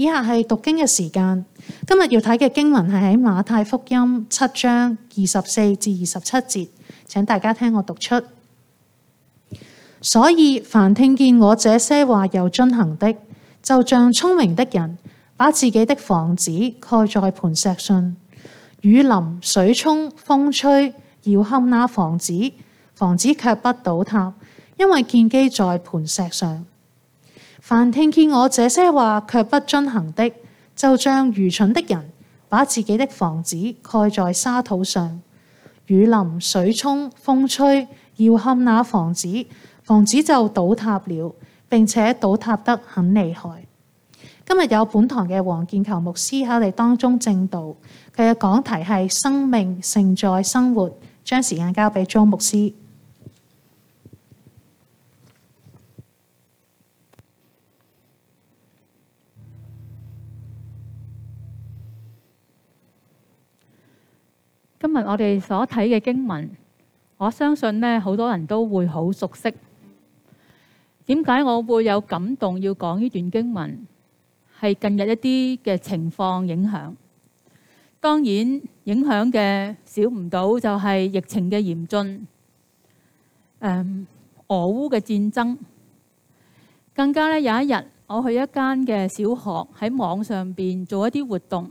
以下係讀經嘅時間，今日要睇嘅經文係喺馬太福音七章二十四至二十七節，請大家聽我讀出。所以凡聽見我這些話又遵行的，就像聰明的人把自己的房子蓋在磐石上。雨淋、水沖、風吹，要陷那房子，房子卻不倒塌，因為建基在磐石上。凡聽見我這些話卻不遵行的，就像愚蠢的人把自己的房子蓋在沙土上，雨淋、水沖、風吹，搖撼那房子，房子就倒塌了，並且倒塌得很厲害。今日有本堂嘅黃建球牧師喺我哋當中證道，佢嘅講題係生命盛在生活，將時間交俾周牧師。今日我哋所睇嘅經文，我相信呢好多人都會好熟悉。點解我會有感動要講呢段經文？係近日一啲嘅情況影響，當然影響嘅少唔到就係疫情嘅嚴峻，誒，俄烏嘅戰爭，更加呢有一日我去一間嘅小學喺網上邊做一啲活動。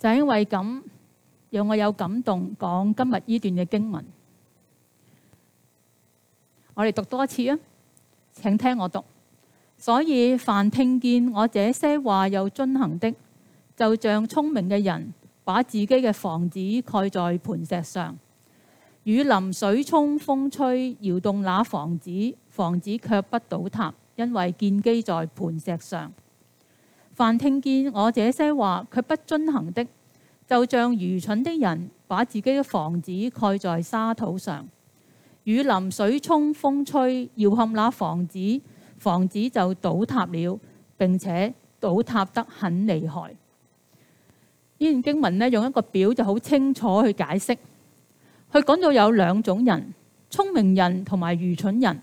就是、因為咁，讓我有感動講今日呢段嘅經文。我哋讀多一次啊！請聽我讀。所以凡聽見我這些話又遵行的，就像聰明嘅人把自己嘅房子蓋在磐石上。雨淋，水沖，風吹，搖動那房子，房子卻不倒塌，因為建基在磐石上。凡聽見我這些話卻不遵行的，就像愚蠢的人把自己嘅房子蓋在沙土上，雨淋水沖風吹，搖撼那房子，房子就倒塌了，並且倒塌得很厲害。呢段經文呢，用一個表就好清楚去解釋，佢講到有兩種人，聰明人同埋愚蠢人，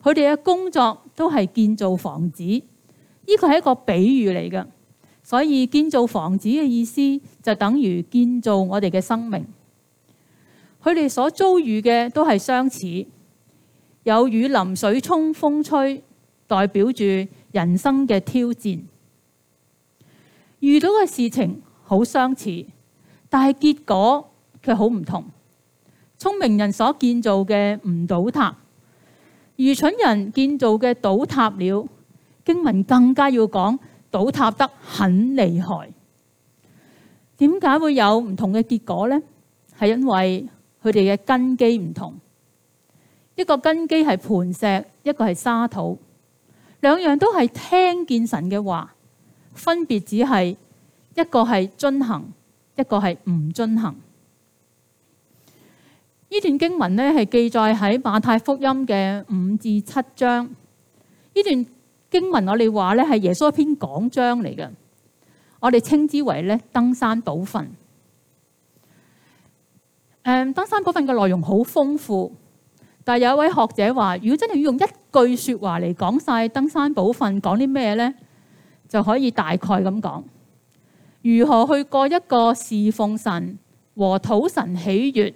佢哋嘅工作都係建造房子，呢個係一個比喻嚟嘅。所以建造房子嘅意思就等於建造我哋嘅生命。佢哋所遭遇嘅都係相似，有雨淋、水沖、風吹，代表住人生嘅挑戰。遇到嘅事情好相似，但係結果卻好唔同。聰明人所建造嘅唔倒塌，愚蠢人建造嘅倒塌了。經文更加要講。倒塌得很厲害。點解會有唔同嘅結果呢？係因為佢哋嘅根基唔同，一個根基係磐石，一個係沙土，兩樣都係聽見神嘅話，分別只係一個係遵行，一個係唔遵行。呢段經文呢係記載喺馬太福音嘅五至七章，呢段。經文我哋話咧係耶穌一篇講章嚟嘅，我哋稱之為咧登山寶訓。誒、嗯，登山寶訓嘅內容好豐富，但有一位學者話，如果真係要用一句話說話嚟講晒登山寶訓講啲咩呢？就可以大概咁講，如何去過一個侍奉神和討神喜悅、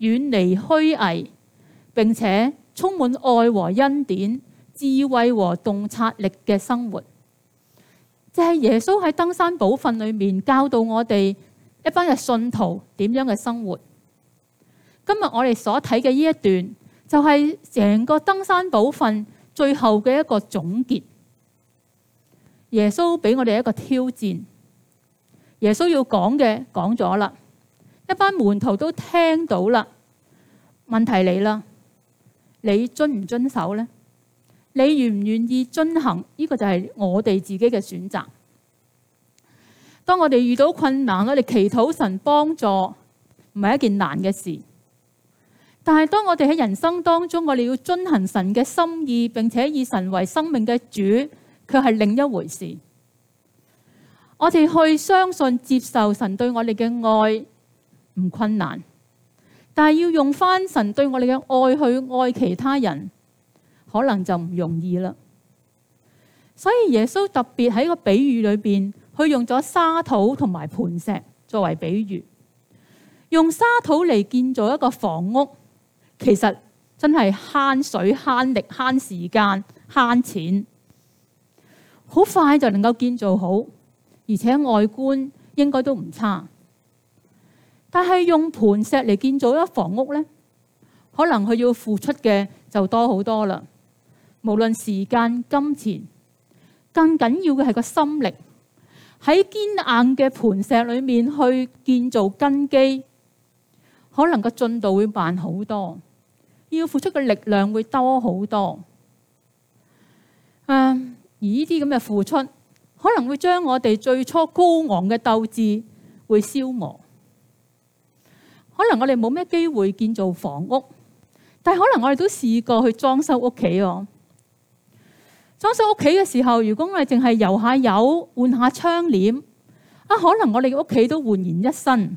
遠離虛偽，並且充滿愛和恩典。智慧和洞察力嘅生活，就係耶穌喺登山寶訓裏面教導我哋一班嘅信徒點樣嘅生活。今日我哋所睇嘅呢一段就係成個登山寶訓最後嘅一個總結。耶穌俾我哋一個挑戰，耶穌要講嘅講咗啦，一班門徒都聽到啦。問題嚟啦，你遵唔遵守呢？」你願唔願意遵行？呢個就係我哋自己嘅選擇。當我哋遇到困難，我哋祈禱神幫助，唔係一件難嘅事。但係當我哋喺人生當中，我哋要遵行神嘅心意，並且以神為生命嘅主，佢係另一回事。我哋去相信接受神對我哋嘅愛唔困難，但係要用翻神對我哋嘅愛去愛其他人，可能就唔容易啦。所以耶穌特別喺個比喻裏邊，佢用咗沙土同埋盤石作為比喻，用沙土嚟建造一個房屋，其實真係慳水、慳力、慳時間、慳錢，好快就能夠建造好，而且外觀應該都唔差。但係用盤石嚟建造一個房屋呢，可能佢要付出嘅就多好多啦。無論時間、金錢，更緊要嘅係個心力。喺堅硬嘅盤石裏面去建造根基，可能個進度會慢好多，要付出嘅力量會多好多。嗯、啊，而呢啲咁嘅付出，可能會將我哋最初高昂嘅鬥志會消磨。可能我哋冇咩機會建造房屋，但可能我哋都試過去裝修屋企哦。裝修屋企嘅時候，如果我哋淨係油下油、換下窗簾，啊，可能我哋屋企都煥然一新，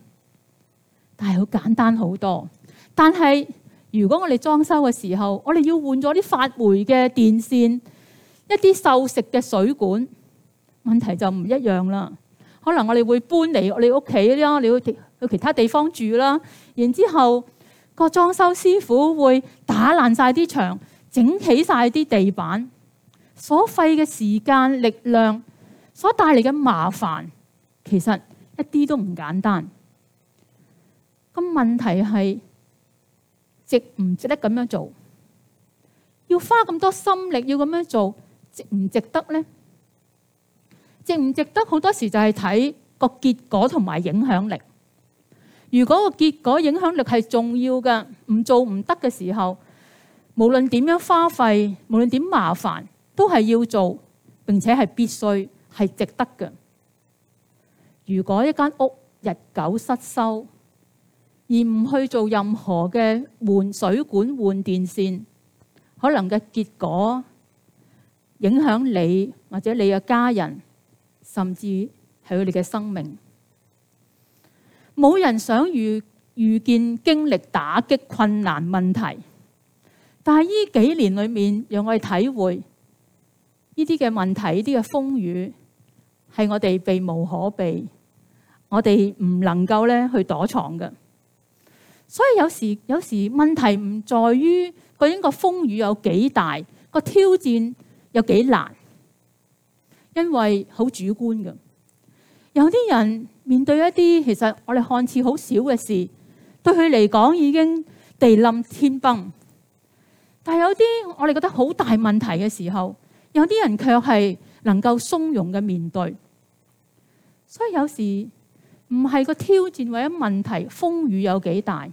但係好簡單好多。但係如果我哋裝修嘅時候，我哋要換咗啲發黴嘅電線，一啲鏽蝕嘅水管，問題就唔一樣啦。可能我哋會搬嚟我哋屋企啦，你會去去其他地方住啦。然之後個裝修師傅會打爛晒啲牆，整起晒啲地板。所費嘅時間、力量，所帶嚟嘅麻煩，其實一啲都唔簡單。咁問題係值唔值得咁樣做？要花咁多心力，要咁樣做，值唔值得呢？值唔值得？好多時就係睇個結果同埋影響力。如果個結果、影響力係重要嘅，唔做唔得嘅時候，無論點樣花費，無論點麻煩。都係要做，並且係必須係值得嘅。如果一間屋日久失修，而唔去做任何嘅換水管、換電線，可能嘅結果影響你或者你嘅家人，甚至係佢哋嘅生命。冇人想遇遇見經歷打擊、困難、問題，但係呢幾年裏面，讓我哋體會。呢啲嘅問題，呢啲嘅風雨，係我哋避無可避，我哋唔能夠咧去躲藏嘅。所以有時有時問題唔在於究竟個風雨有幾大，個挑戰有幾難，因為好主觀嘅。有啲人面對一啲其實我哋看似好小嘅事，對佢嚟講已經地冧天崩，但係有啲我哋覺得好大問題嘅時候，有啲人卻係能夠松容嘅面對，所以有時唔係個挑戰或者問題風雨有幾大，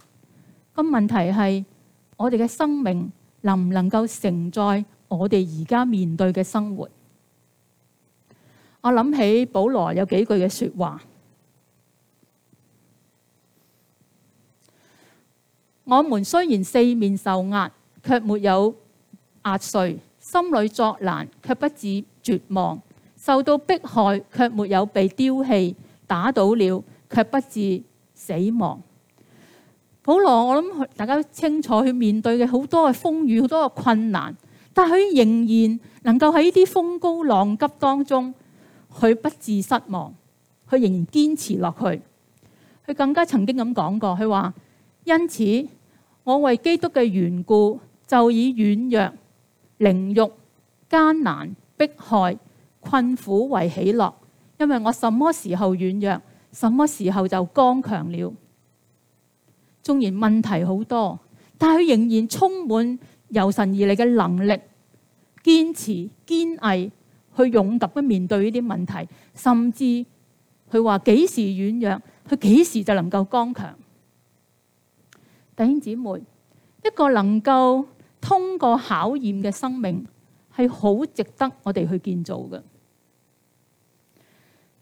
個問題係我哋嘅生命能唔能夠承載我哋而家面對嘅生活？我諗起保羅有幾句嘅說話：我們雖然四面受壓，卻沒有壓碎。心裏作難，卻不至絕望；受到迫害，卻沒有被丟棄；打倒了，卻不至死亡。保羅，我諗大家清楚，佢面對嘅好多嘅風雨，好多嘅困難，但佢仍然能夠喺呢啲風高浪急當中，佢不至失望，佢仍然堅持落去。佢更加曾經咁講過，佢話：因此我為基督嘅緣故，就以軟弱。凌辱、艱難、迫害、困苦為喜樂，因為我什麼時候軟弱，什麼時候就剛強了。縱然問題好多，但佢仍然充滿由神而嚟嘅能力、堅持、堅毅，去勇敢咁面對呢啲問題，甚至佢話幾時軟弱，佢幾時就能夠剛強。弟兄姊妹，一個能夠。通過考驗嘅生命係好值得我哋去建造嘅。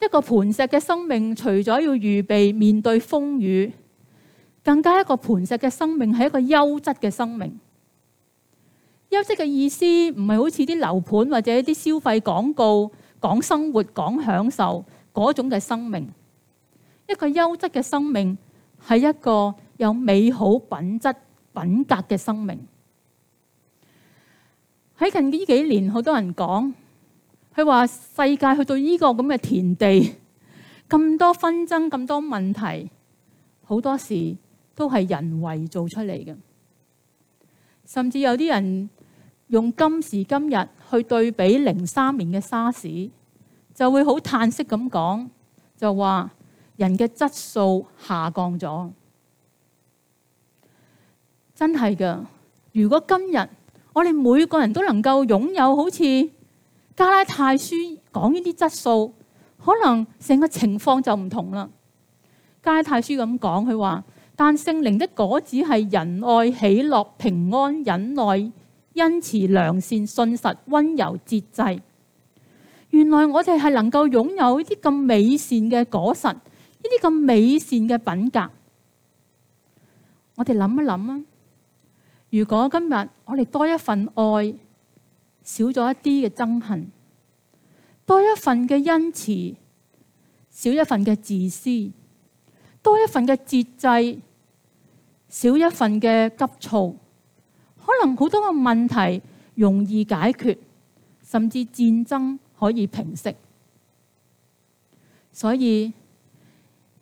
一個磐石嘅生命。除咗要預備面對風雨，更加一個磐石嘅生命係一個優質嘅生命。優質嘅意思唔係好似啲樓盤或者啲消費廣告講生活講享受嗰種嘅生命。一個優質嘅生命係一個有美好品質品格嘅生命。喺近呢幾年，好多人講，佢話世界去到呢個咁嘅田地，咁多紛爭，咁多問題，好多時都係人為做出嚟嘅。甚至有啲人用今時今日去對比零三年嘅沙士，就會好嘆息咁講，就話人嘅質素下降咗。真係㗎，如果今日我哋每個人都能夠擁有好似加拉太書講呢啲質素，可能成個情況就唔同啦。加拉太書咁講，佢話，但聖靈的果子係仁愛、喜樂、平安、忍耐、恩慈、良善、信實、温柔、節制。原來我哋係能夠擁有呢啲咁美善嘅果實，呢啲咁美善嘅品格。我哋諗一諗啊！如果今日我哋多一份愛，少咗一啲嘅憎恨，多一份嘅恩慈，少一份嘅自私，多一份嘅節制，少一份嘅急躁，可能好多個問題容易解決，甚至戰爭可以平息。所以，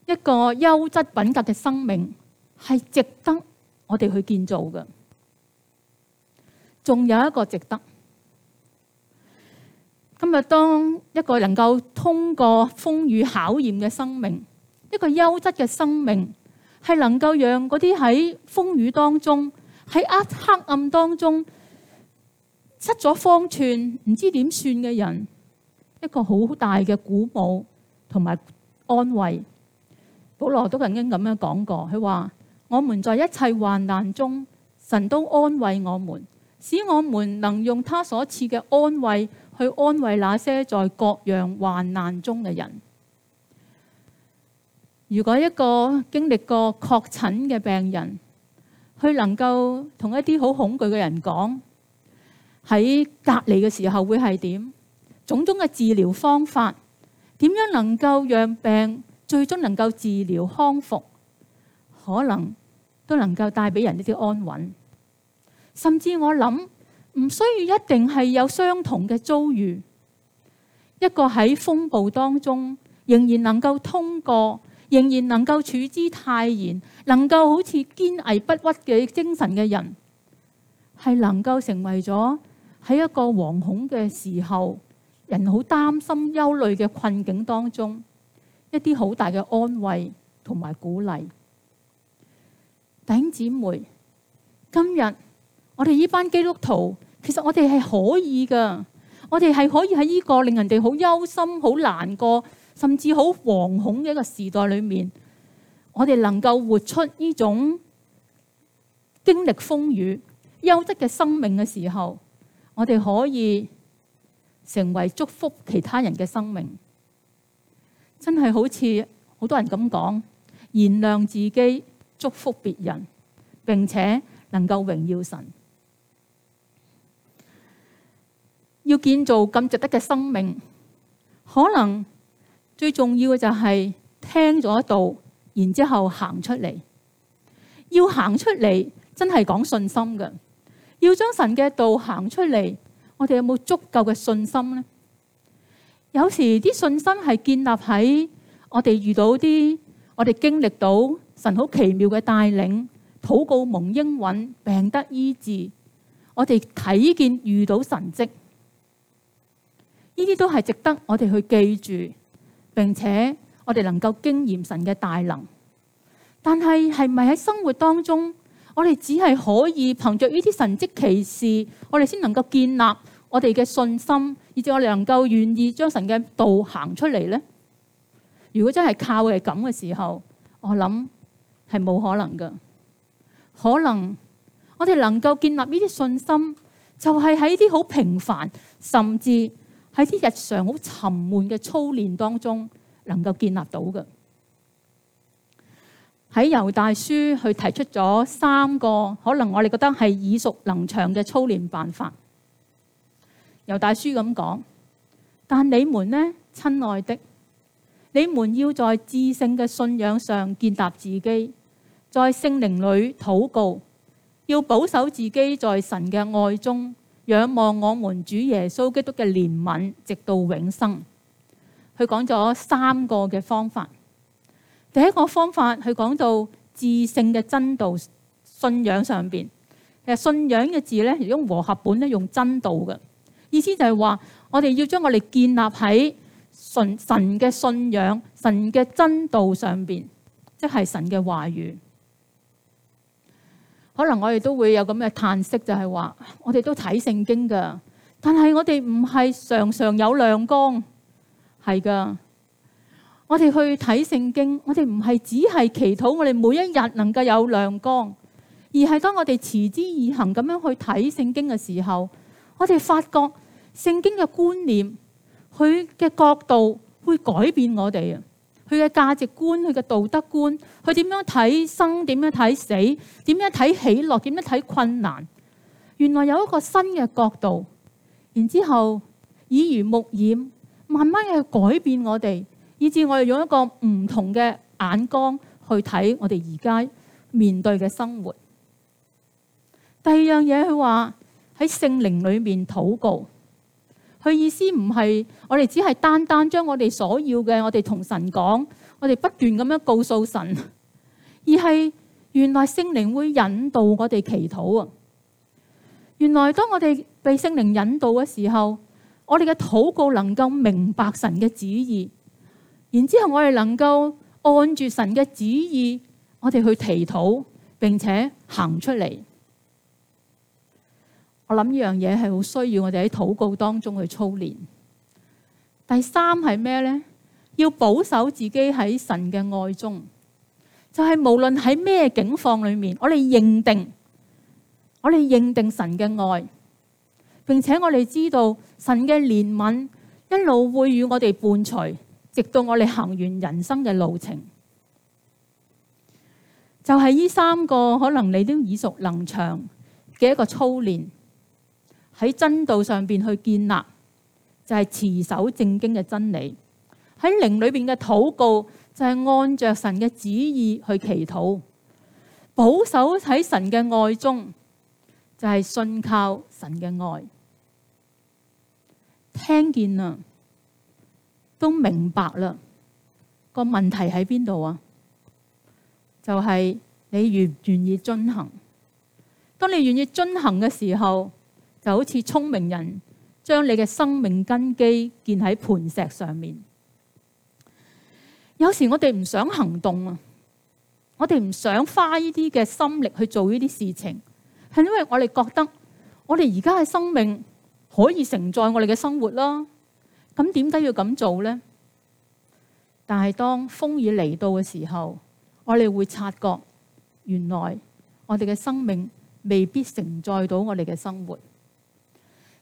一個優質品格嘅生命係值得我哋去建造嘅。仲有一個值得今日，當一個能夠通過風雨考驗嘅生命，一個優質嘅生命，係能夠讓嗰啲喺風雨當中喺黑暗當中失咗方寸，唔知點算嘅人一個好大嘅鼓舞同埋安慰。保羅都曾經咁樣講過，佢話我們在一切患難中，神都安慰我們。使我們能用他所賜嘅安慰去安慰那些在各樣患難中嘅人。如果一個經歷過確診嘅病人，佢能夠同一啲好恐懼嘅人講，喺隔離嘅時候會係點？種種嘅治療方法，點樣能夠讓病最終能夠治療康復，可能都能夠帶俾人一啲安穩。甚至我諗唔需要一定係有相同嘅遭遇，一個喺風暴當中仍然能夠通過、仍然能夠處之泰然、能夠好似堅毅不屈嘅精神嘅人，係能夠成為咗喺一個惶恐嘅時候、人好擔心、憂慮嘅困境當中一啲好大嘅安慰同埋鼓勵。弟兄姊妹，今日，我哋呢班基督徒，其實我哋係可以噶，我哋係可以喺呢個令人哋好憂心、好難過、甚至好惶恐嘅一個時代裏面，我哋能夠活出呢種經歷風雨、優質嘅生命嘅時候，我哋可以成為祝福其他人嘅生命。真係好似好多人咁講，燃亮自己，祝福別人，並且能夠榮耀神。要建造咁值得嘅生命，可能最重要嘅就係聽咗道，然之後行出嚟。要行出嚟，真係講信心嘅。要將神嘅道行出嚟，我哋有冇足夠嘅信心呢？有時啲信心係建立喺我哋遇到啲我哋經歷到神好奇妙嘅帶領，禱告蒙應允，病得醫治，我哋睇見遇到神蹟。呢啲都係值得我哋去記住，並且我哋能夠經驗神嘅大能。但係係咪喺生活當中，我哋只係可以憑着呢啲神蹟奇事，我哋先能夠建立我哋嘅信心，以至我哋能夠願意將神嘅道行出嚟呢？如果真係靠係咁嘅時候，我諗係冇可能㗎。可能我哋能夠建立呢啲信心，就係喺啲好平凡，甚至，喺啲日常好沉悶嘅操練當中，能夠建立到嘅。喺猶大書去提出咗三個可能，我哋覺得係耳熟能詳嘅操練辦法。猶大書咁講，但你們呢，親愛的，你們要在至聖嘅信仰上建立自己，在聖靈裏禱告，要保守自己在神嘅愛中。仰望我們主耶穌基督嘅憐憫，直到永生。佢講咗三個嘅方法。第一個方法，佢講到自性嘅真道信仰上邊。其實信仰嘅字咧，如果和合本咧用真道嘅意思就係話，我哋要將我哋建立喺神嘅信仰、神嘅真道上邊，即係神嘅話語。可能我哋都會有咁嘅嘆息就是說，就係話我哋都睇聖經㗎，但係我哋唔係常常有亮光，係㗎。我哋去睇聖經，我哋唔係只係祈禱，我哋每一日能夠有亮光，而係當我哋持之以恆咁樣去睇聖經嘅時候，我哋發覺聖經嘅觀念，佢嘅角度會改變我哋啊！佢嘅價值觀，佢嘅道德觀，佢點樣睇生，點樣睇死，點樣睇喜樂，點樣睇困難。原來有一個新嘅角度，然之後耳濡目染，慢慢去改變我哋，以至我哋用一個唔同嘅眼光去睇我哋而家面對嘅生活。第二樣嘢，佢話喺聖靈裏面禱告。佢意思唔係我哋只係單單將我哋所要嘅，我哋同神講，我哋不斷咁樣告訴神，而係原來聖靈會引導我哋祈禱啊！原來當我哋被聖靈引導嘅時候，我哋嘅禱告能夠明白神嘅旨意，然之後我哋能夠按住神嘅旨意，我哋去祈禱，並且行出嚟。我諗呢樣嘢係好需要我哋喺禱告當中去操練。第三係咩呢？要保守自己喺神嘅愛中，就係無論喺咩境況裏面，我哋認定，我哋認定神嘅愛，並且我哋知道神嘅憐憫一路會與我哋伴隨，直到我哋行完人生嘅路程。就係呢三個，可能你都耳熟能詳嘅一個操練。喺真道上邊去建立就係持守正經嘅真理。喺靈裏邊嘅禱告就係按着神嘅旨意去祈禱，保守喺神嘅愛中就係信靠神嘅愛。聽見啦，都明白啦。個問題喺邊度啊？就係你願唔願意進行？當你願意進行嘅時候。就好似聰明人將你嘅生命根基建喺磐石上面。有時我哋唔想行動啊，我哋唔想花呢啲嘅心力去做呢啲事情，係因為我哋覺得我哋而家嘅生命可以承載我哋嘅生活啦。咁點解要咁做呢？但係當風雨嚟到嘅時候，我哋會察覺，原來我哋嘅生命未必承載到我哋嘅生活。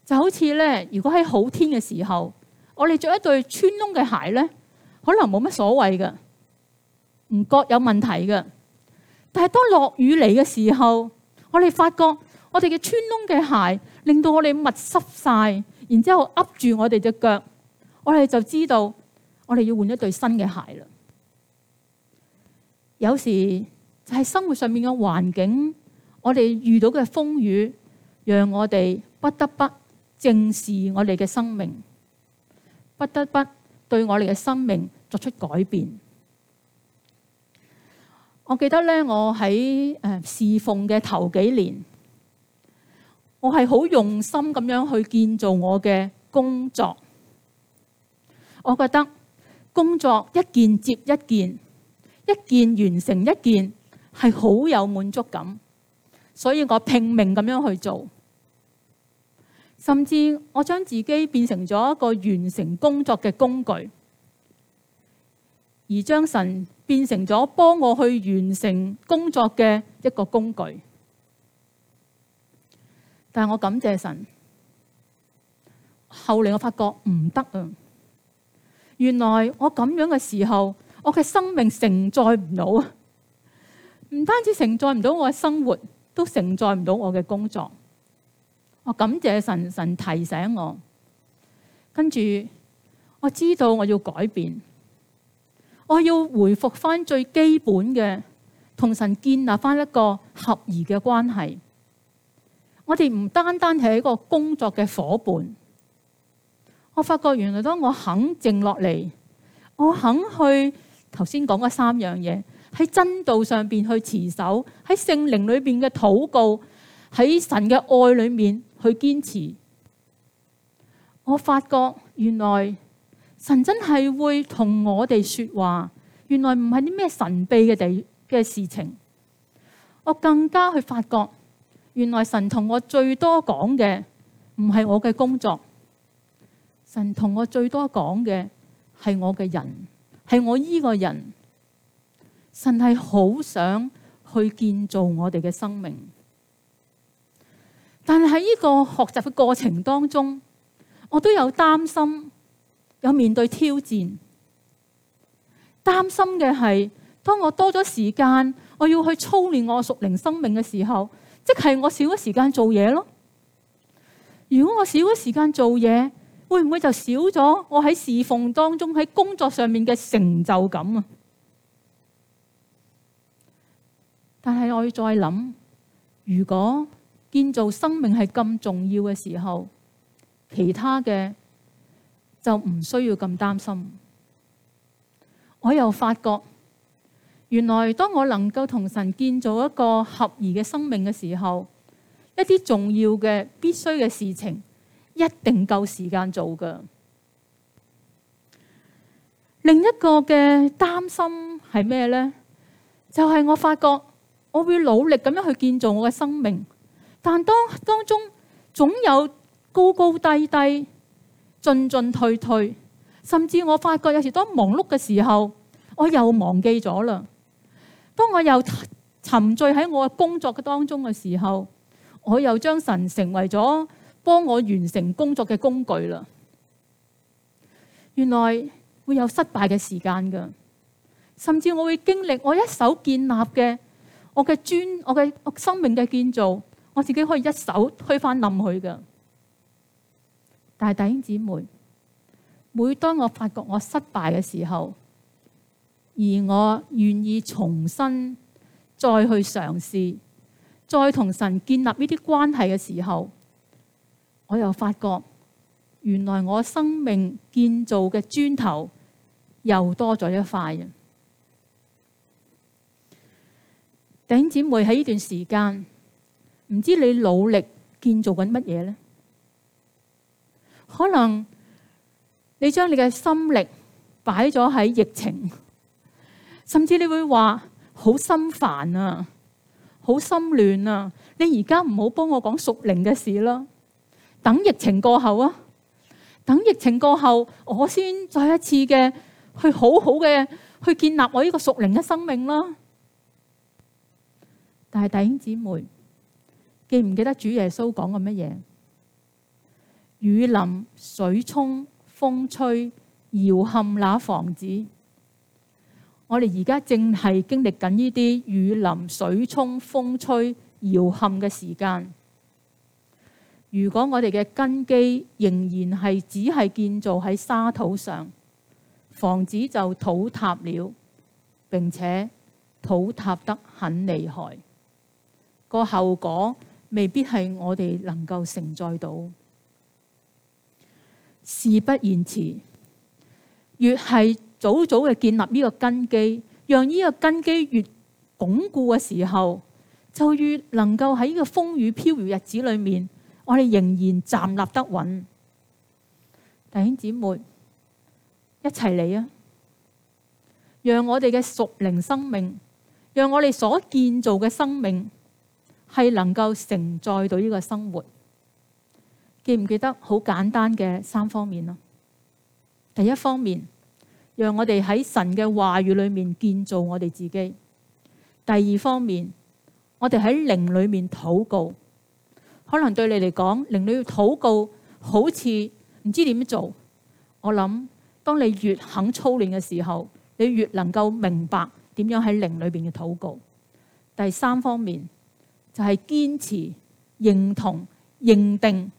就好似咧，如果喺好天嘅時候，我哋着一對穿窿嘅鞋咧，可能冇乜所謂嘅，唔覺有問題嘅。但係當落雨嚟嘅時候，我哋發覺我哋嘅穿窿嘅鞋令到我哋密濕晒，然之後噏住我哋隻腳，我哋就知道我哋要換一對新嘅鞋啦。有時就係生活上面嘅環境，我哋遇到嘅風雨，讓我哋不得不。正視我哋嘅生命，不得不對我哋嘅生命作出改變。我記得咧，我喺誒侍奉嘅頭幾年，我係好用心咁樣去建造我嘅工作。我覺得工作一件接一件，一件完成一件，係好有滿足感，所以我拼命咁樣去做。甚至我將自己變成咗一個完成工作嘅工具，而將神變成咗幫我去完成工作嘅一個工具。但我感謝神，後嚟我發覺唔得啊！原來我咁樣嘅時候，我嘅生命承載唔到啊！唔單止承載唔到我嘅生活，都承載唔到我嘅工作。我感謝神，神提醒我，跟住我知道我要改變，我要回復翻最基本嘅，同神建立翻一個合宜嘅關係。我哋唔單單係一個工作嘅夥伴。我發覺原來當我肯靜落嚟，我肯去頭先講嗰三樣嘢，喺真道上邊去持守，喺聖靈裏邊嘅禱告，喺神嘅愛裏面。去堅持，我發覺原來神真係會同我哋說話，原來唔係啲咩神秘嘅地嘅事情。我更加去發覺，原來神同我最多講嘅唔係我嘅工作，神同我最多講嘅係我嘅人，係我呢個人，神係好想去建造我哋嘅生命。但係喺呢個學習嘅過程當中，我都有擔心，有面對挑戰。擔心嘅係，當我多咗時間，我要去操練我屬靈生命嘅時候，即係我少咗時間做嘢咯。如果我少咗時間做嘢，會唔會就少咗我喺侍奉當中喺工作上面嘅成就感啊？但係我要再諗，如果……建造生命係咁重要嘅時候，其他嘅就唔需要咁擔心。我又發覺原來當我能夠同神建造一個合宜嘅生命嘅時候，一啲重要嘅、必須嘅事情一定夠時間做噶。另一個嘅擔心係咩呢？就係我發覺我會努力咁樣去建造我嘅生命。但當當中總有高高低低、進進退退，甚至我發覺有時當忙碌嘅時候，我又忘記咗啦。當我又沉醉喺我嘅工作嘅當中嘅時候，我又將神成為咗幫我完成工作嘅工具啦。原來會有失敗嘅時間噶，甚至我會經歷我一手建立嘅我嘅專，我嘅生命嘅建造。我自己可以一手推翻冧佢嘅，但係弟兄姊妹，每當我發覺我失敗嘅時候，而我願意重新再去嘗試，再同神建立呢啲關係嘅時候，我又發覺原來我生命建造嘅磚頭又多咗一塊嘅。弟兄姊妹喺呢段時間。唔知你努力建造緊乜嘢呢？可能你將你嘅心力擺咗喺疫情，甚至你會話好心煩啊，好心亂啊！你而家唔好幫我講屬靈嘅事啦，等疫情過後啊，等疫情過後，我先再一次嘅去好好嘅去建立我呢個屬靈嘅生命啦。但係弟兄姊妹。記唔記得主耶穌講過乜嘢？雨淋、水沖、風吹、搖撼那房子。我哋而家正係經歷緊呢啲雨淋、水沖、風吹、搖撼嘅時間。如果我哋嘅根基仍然係只係建造喺沙土上，房子就倒塌了，並且倒塌得很厲害。那個後果。未必係我哋能夠承載到。事不宜遲，越係早早嘅建立呢個根基，讓呢個根基越鞏固嘅時候，就越能夠喺呢個風雨飄搖日子裏面，我哋仍然站立得穩。弟兄姊妹，一齊嚟啊！讓我哋嘅屬靈生命，讓我哋所建造嘅生命。係能夠承載到呢個生活，記唔記得好簡單嘅三方面咯？第一方面，讓我哋喺神嘅話語裡面建造我哋自己；第二方面，我哋喺靈裡面禱告。可能對你嚟講，靈裡禱告好似唔知點做。我諗，當你越肯操練嘅時候，你越能夠明白點樣喺靈裡邊嘅禱告。第三方面。就係、是、堅持認同認定，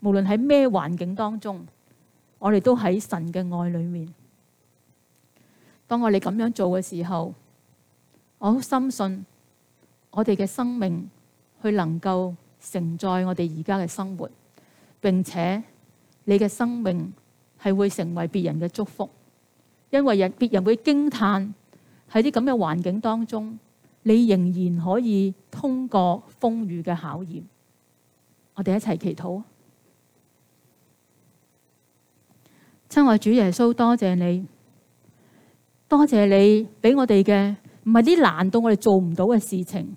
無論喺咩環境當中，我哋都喺神嘅愛裏面。當我哋咁樣做嘅時候，我好深信我哋嘅生命去能夠承載我哋而家嘅生活，並且你嘅生命係會成為別人嘅祝福，因為人別人會驚嘆喺啲咁嘅環境當中。你仍然可以通過風雨嘅考驗。我哋一齊祈禱，親愛主耶穌，多謝你，多謝你俾我哋嘅唔係啲難到我哋做唔到嘅事情。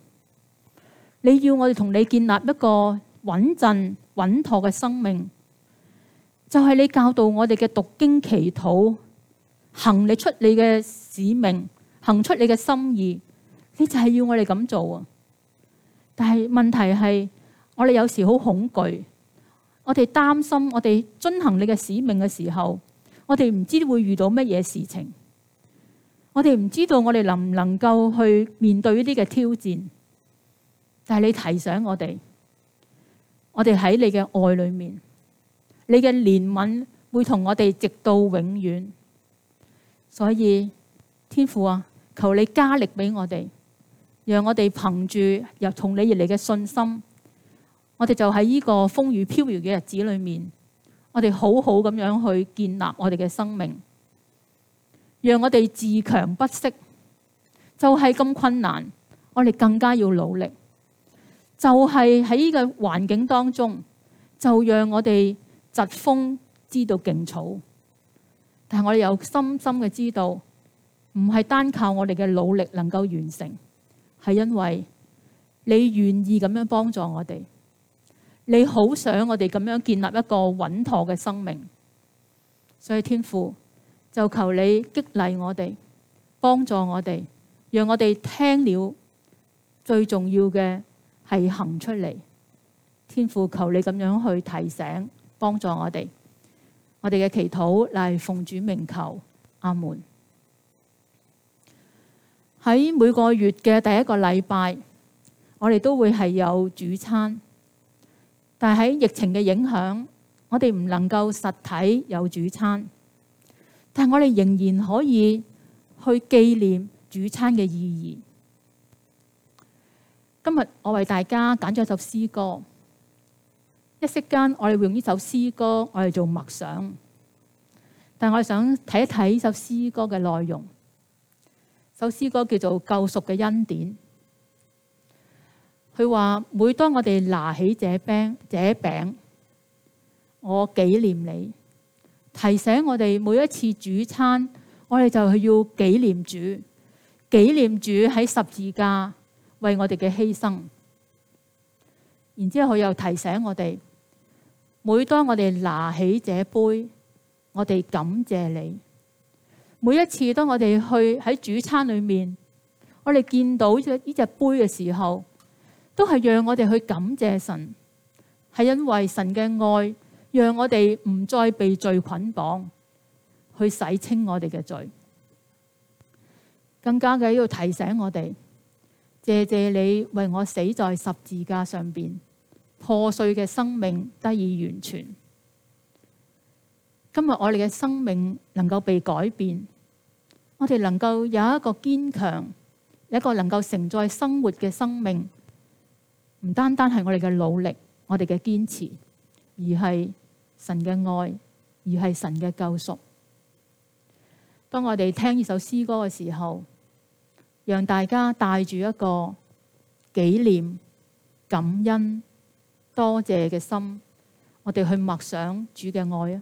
你要我哋同你建立一個穩陣穩妥嘅生命，就係你教導我哋嘅讀經、祈禱、行你出你嘅使命，行出你嘅心意。你就係要我哋咁做啊！但係問題係，我哋有時好恐懼，我哋擔心，我哋遵行你嘅使命嘅時候，我哋唔知會遇到乜嘢事情，我哋唔知道我哋能唔能夠去面對呢啲嘅挑戰。但係你提醒我哋，我哋喺你嘅愛裏面，你嘅憐憫會同我哋直到永遠。所以天父啊，求你加力俾我哋。讓我哋憑住由從你而嚟嘅信心，我哋就喺呢個風雨飄搖嘅日子裏面，我哋好好咁樣去建立我哋嘅生命。讓我哋自強不息，就係咁困難，我哋更加要努力。就係喺呢個環境當中，就讓我哋疾風知道勁草，但係我哋又深深嘅知道，唔係單靠我哋嘅努力能夠完成。係因為你願意咁樣幫助我哋，你好想我哋咁樣建立一個穩妥嘅生命，所以天父就求你激勵我哋，幫助我哋，讓我哋聽了最重要嘅係行出嚟。天父求你咁樣去提醒幫助我哋，我哋嘅祈禱乃係奉主名求，阿門。喺每個月嘅第一個禮拜，我哋都會係有主餐。但喺疫情嘅影響，我哋唔能夠實體有主餐。但係我哋仍然可以去紀念主餐嘅意義。今日我為大家揀咗一首詩歌。一息間，我哋會用呢首詩歌，我哋做默想。但我哋想睇一睇呢首詩歌嘅內容。首詩歌叫做《救贖嘅恩典》，佢話每當我哋拿起這餅，這餅，我紀念你，提醒我哋每一次主餐，我哋就係要紀念主，紀念主喺十字架為我哋嘅犧牲。然之後佢又提醒我哋，每當我哋拿起這杯，我哋感謝你。每一次當我哋去喺主餐裏面，我哋見到呢隻杯嘅時候，都係讓我哋去感謝神，係因為神嘅愛讓我哋唔再被罪捆綁，去洗清我哋嘅罪，更加嘅要提醒我哋，謝謝你為我死在十字架上邊，破碎嘅生命得以完全。今日我哋嘅生命能夠被改變。我哋能夠有一個堅強，有一個能夠承載生活嘅生命，唔單單係我哋嘅努力，我哋嘅堅持，而係神嘅愛，而係神嘅救贖。當我哋聽呢首詩歌嘅時候，讓大家帶住一個紀念、感恩、多謝嘅心，我哋去默想主嘅愛啊！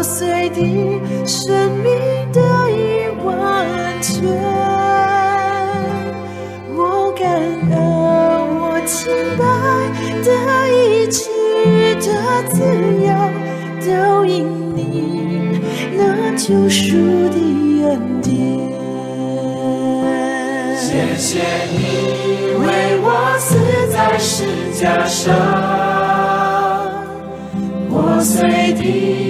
破碎的生命得以完全，我感恩我清白的一切的自由，都因你那救贖的恩典。謝謝你為我死在十字架上，破碎的。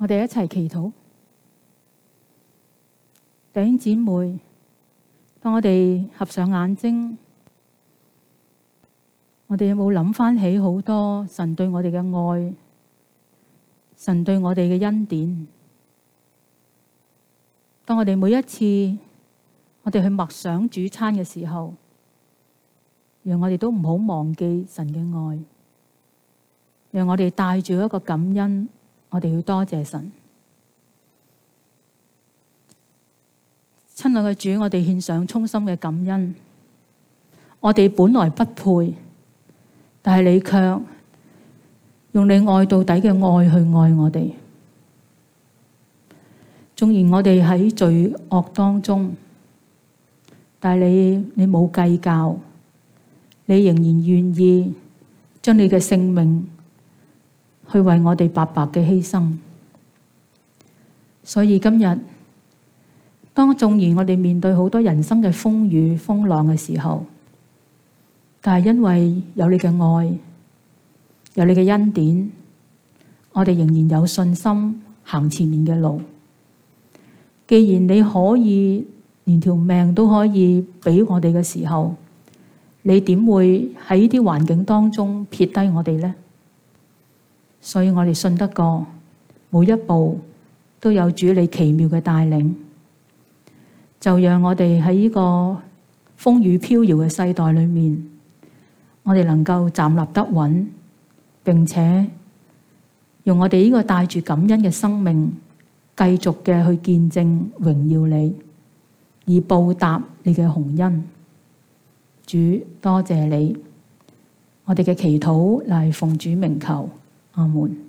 我哋一齊祈禱，弟兄姊妹，當我哋合上眼睛，我哋有冇諗返起好多神對我哋嘅愛？神對我哋嘅恩典，當我哋每一次我哋去默想主餐嘅時候，讓我哋都唔好忘記神嘅愛，讓我哋帶住一個感恩，我哋要多謝神。親愛嘅主，我哋獻上衷心嘅感恩。我哋本來不配，但係你卻。用你愛到底嘅愛去愛我哋，縱然我哋喺罪惡當中，但係你你冇計較，你仍然願意將你嘅性命去為我哋白白嘅犧牲。所以今日，當縱然我哋面對好多人生嘅風雨風浪嘅時候，但係因為有你嘅愛。有你嘅恩典，我哋仍然有信心行前面嘅路。既然你可以連條命都可以畀我哋嘅時候，你點會喺啲環境當中撇低我哋呢？所以我哋信得過，每一步都有主你奇妙嘅帶領，就讓我哋喺呢個風雨飄搖嘅世代裏面，我哋能夠站立得穩。並且用我哋呢個帶住感恩嘅生命，繼續嘅去見證榮耀你，以報答你嘅鴻恩。主多謝你，我哋嘅祈禱嚟奉主名求，阿門。